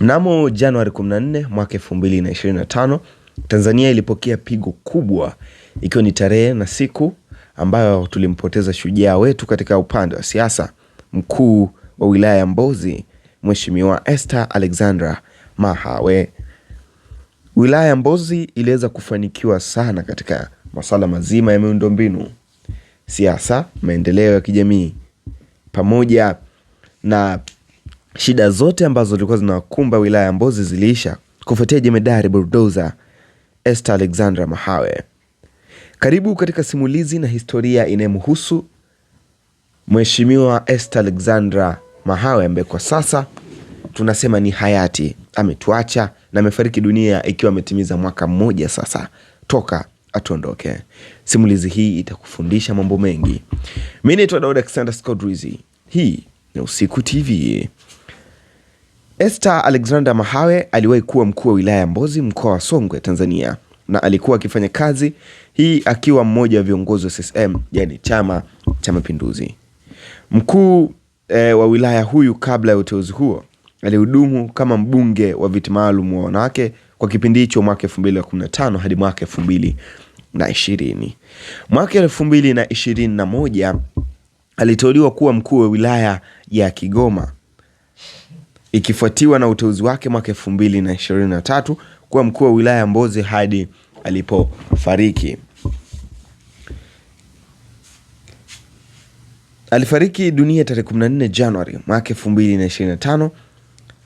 Mnamo Januari 14 mwaka 2025, Tanzania ilipokea pigo kubwa, ikiwa ni tarehe na siku ambayo tulimpoteza shujaa wetu katika upande wa siasa, mkuu wa wilaya ya Mbozi, Mheshimiwa Esther Alexandra Mahawe. Wilaya ya Mbozi iliweza kufanikiwa sana katika masuala mazima ya miundombinu, siasa, maendeleo ya kijamii pamoja na Shida zote ambazo zilikuwa zinakumba wilaya ya Mbozi ziliisha kufuatia jemedari Bulldozer Esther Alexandra Mahawe. Karibu katika simulizi na historia inayomhusu Mheshimiwa Esther Alexandra Mahawe ambaye kwa sasa tunasema ni hayati, ametuacha na amefariki dunia ikiwa ametimiza mwaka mmoja sasa toka atuondoke. Simulizi hii itakufundisha mambo mengi. Mimi naitwa Daud Alexander Scott Rizzi. Hii ni Usiku TV. Esther Alexander Mahawe aliwahi kuwa mkuu wa wilaya ya Mbozi mkoa wa Songwe, Tanzania na alikuwa akifanya kazi hii akiwa mmoja wa viongozi wa CCM, yani Chama cha Mapinduzi. Mkuu e, wa wilaya huyu kabla ya uteuzi huo alihudumu kama mbunge wa viti maalum wa wanawake kwa kipindi hicho mwaka 2015 hadi mwaka 2020. Mwaka moja aliteuliwa kuwa mkuu wa wilaya ya Kigoma ikifuatiwa na uteuzi wake mwaka 2023 kuwa mkuu wa wilaya ya Mbozi hadi alipofariki. Alifariki dunia tarehe 14 Januari mwaka 2025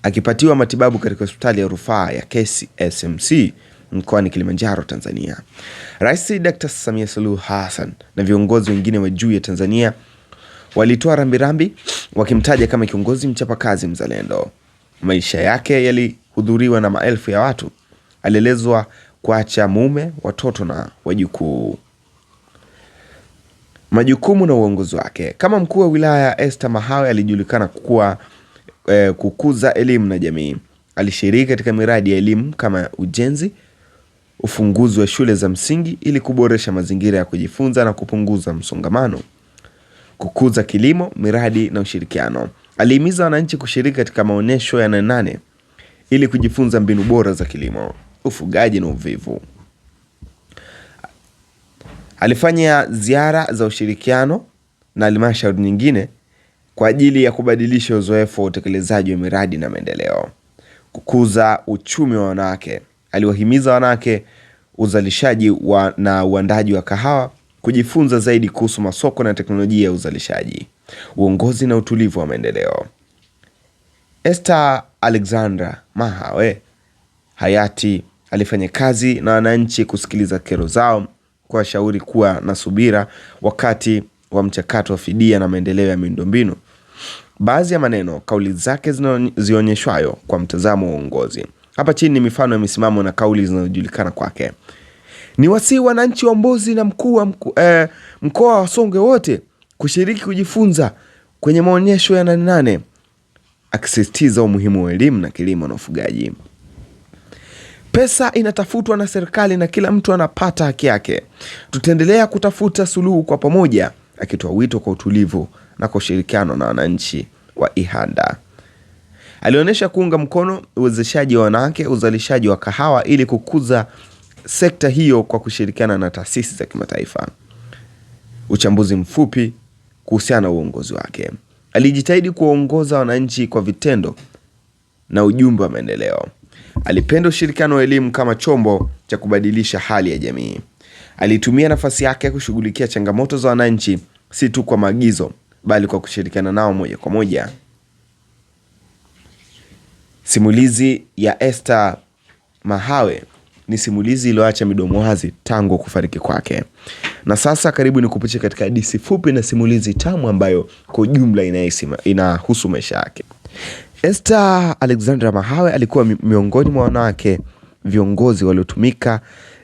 akipatiwa matibabu katika hospitali ya rufaa ya KCSMC mkoani Kilimanjaro, Tanzania. Rais Dr. Samia Suluhu Hassan na viongozi wengine wa juu ya Tanzania walitoa rambirambi wakimtaja kama kiongozi mchapakazi mzalendo. Maisha yake yalihudhuriwa na maelfu ya watu. Alielezwa kuacha mume, watoto na wajukuu. Majukumu na uongozi wake. Kama mkuu wa wilaya Esther Mahawe alijulikana kuwa eh, kukuza elimu na jamii. Alishiriki katika miradi ya elimu kama ujenzi, ufunguzi wa shule za msingi ili kuboresha mazingira ya kujifunza na kupunguza msongamano kukuza kilimo, miradi na ushirikiano. Alihimiza wananchi kushiriki katika maonyesho ya Nane ili kujifunza mbinu bora za kilimo, ufugaji na uvivu. Alifanya ziara za ushirikiano na halmashauri nyingine kwa ajili ya kubadilisha uzoefu wa utekelezaji wa miradi na maendeleo. Kukuza uchumi wa wanawake, aliwahimiza wanawake uzalishaji wa na uandaji wa kahawa kujifunza zaidi kuhusu masoko na teknolojia ya uzalishaji, uongozi na utulivu wa maendeleo. Esther Alexandra Mahawe hayati alifanya kazi na wananchi, kusikiliza kero zao, kuwashauri kuwa na subira wakati wa mchakato wa fidia na maendeleo ya miundombinu. Baadhi ya maneno kauli zake zionyeshwayo kwa mtazamo wa uongozi. Hapa chini ni mifano ya misimamo na kauli zinazojulikana kwake. Ni wasii wananchi wa Mbozi na mkuu wa mku, eh, mkoa wa Songwe wote kushiriki kujifunza kwenye maonyesho ya nane nane, akisisitiza umuhimu wa elimu na kilimo na ufugaji. Pesa inatafutwa na serikali na kila mtu anapata haki yake. Tutaendelea kutafuta suluhu kwa pamoja, akitoa wito kwa utulivu na kwa ushirikiano na wananchi wa Ihanda. Alionyesha kuunga mkono uwezeshaji wa wanawake uzalishaji wa kahawa ili kukuza sekta hiyo kwa kushirikiana na taasisi za kimataifa. Uchambuzi mfupi kuhusiana na uongozi wake. Alijitahidi kuwaongoza wananchi kwa vitendo na ujumbe wa maendeleo. Alipenda ushirikiano wa elimu kama chombo cha kubadilisha hali ya jamii. Alitumia nafasi yake kushughulikia changamoto za wananchi, si tu kwa maagizo, bali kwa kushirikiana nao moja kwa moja. Simulizi ya Esther Mahawe ni simulizi iliyoacha midomo wazi tangu kufariki kwake. Na sasa karibu ni kupitia katika hadithi fupi na simulizi tamu ambayo kwa ujumla inahusu maisha yake. Esther Alexandra Mahawe alikuwa miongoni mwa wanawake viongozi waliotumika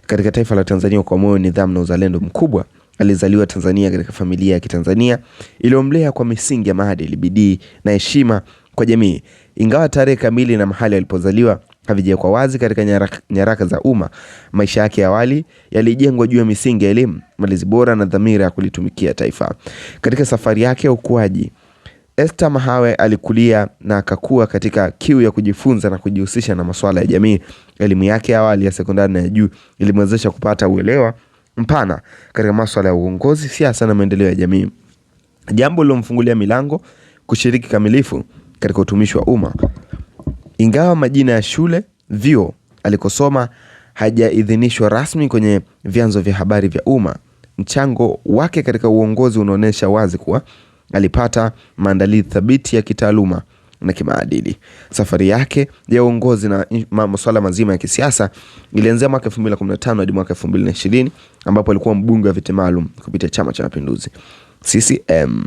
katika taifa la Tanzania kwa moyo, nidhamu na uzalendo mkubwa. Alizaliwa Tanzania katika familia ya Kitanzania iliyomlea kwa misingi ya maadili, bidii na heshima kwa jamii. Ingawa tarehe kamili na mahali alipozaliwa havijawekwa wazi katika nyaraka, nyaraka za umma. Maisha yake awali yalijengwa juu ya misingi ya elimu, malezi bora na dhamira ya kulitumikia taifa. Katika safari yake ya ukuaji, Esther Mahawe alikulia na akakua katika kiu ya kujifunza na kujihusisha na masuala ya jamii. Elimu yake awali ya sekondari na ya juu ilimwezesha kupata uelewa mpana katika masuala ya uongozi, siasa na maendeleo ya jamii, jambo lilomfungulia milango kushiriki kamilifu katika utumishi wa umma. Ingawa majina ya shule, vyuo alikosoma hajaidhinishwa rasmi kwenye vyanzo vya habari vya umma, mchango wake katika uongozi unaonyesha wazi kuwa alipata maandalizi thabiti ya kitaaluma na kimaadili. Safari yake ya uongozi na masuala mazima ya kisiasa ilianzia mwaka 2015 hadi mwaka 2020 ambapo alikuwa mbunge wa viti maalum kupitia Chama cha Mapinduzi CCM.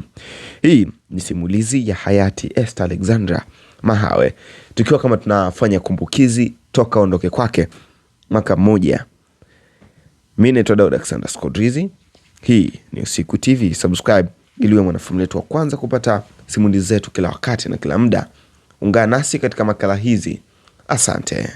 Hii ni simulizi ya hayati Esther Alexandra. Mahawe tukiwa kama tunafanya kumbukizi toka ondoke kwake mwaka mmoja. Mi naitwa Daud Alexander Scodrizi, Hii ni Usiku TV, subscribe ili uwe mwanafamilia wetu wa kwanza kupata simulizi zetu kila wakati na kila muda. Ungana nasi katika makala hizi. Asante.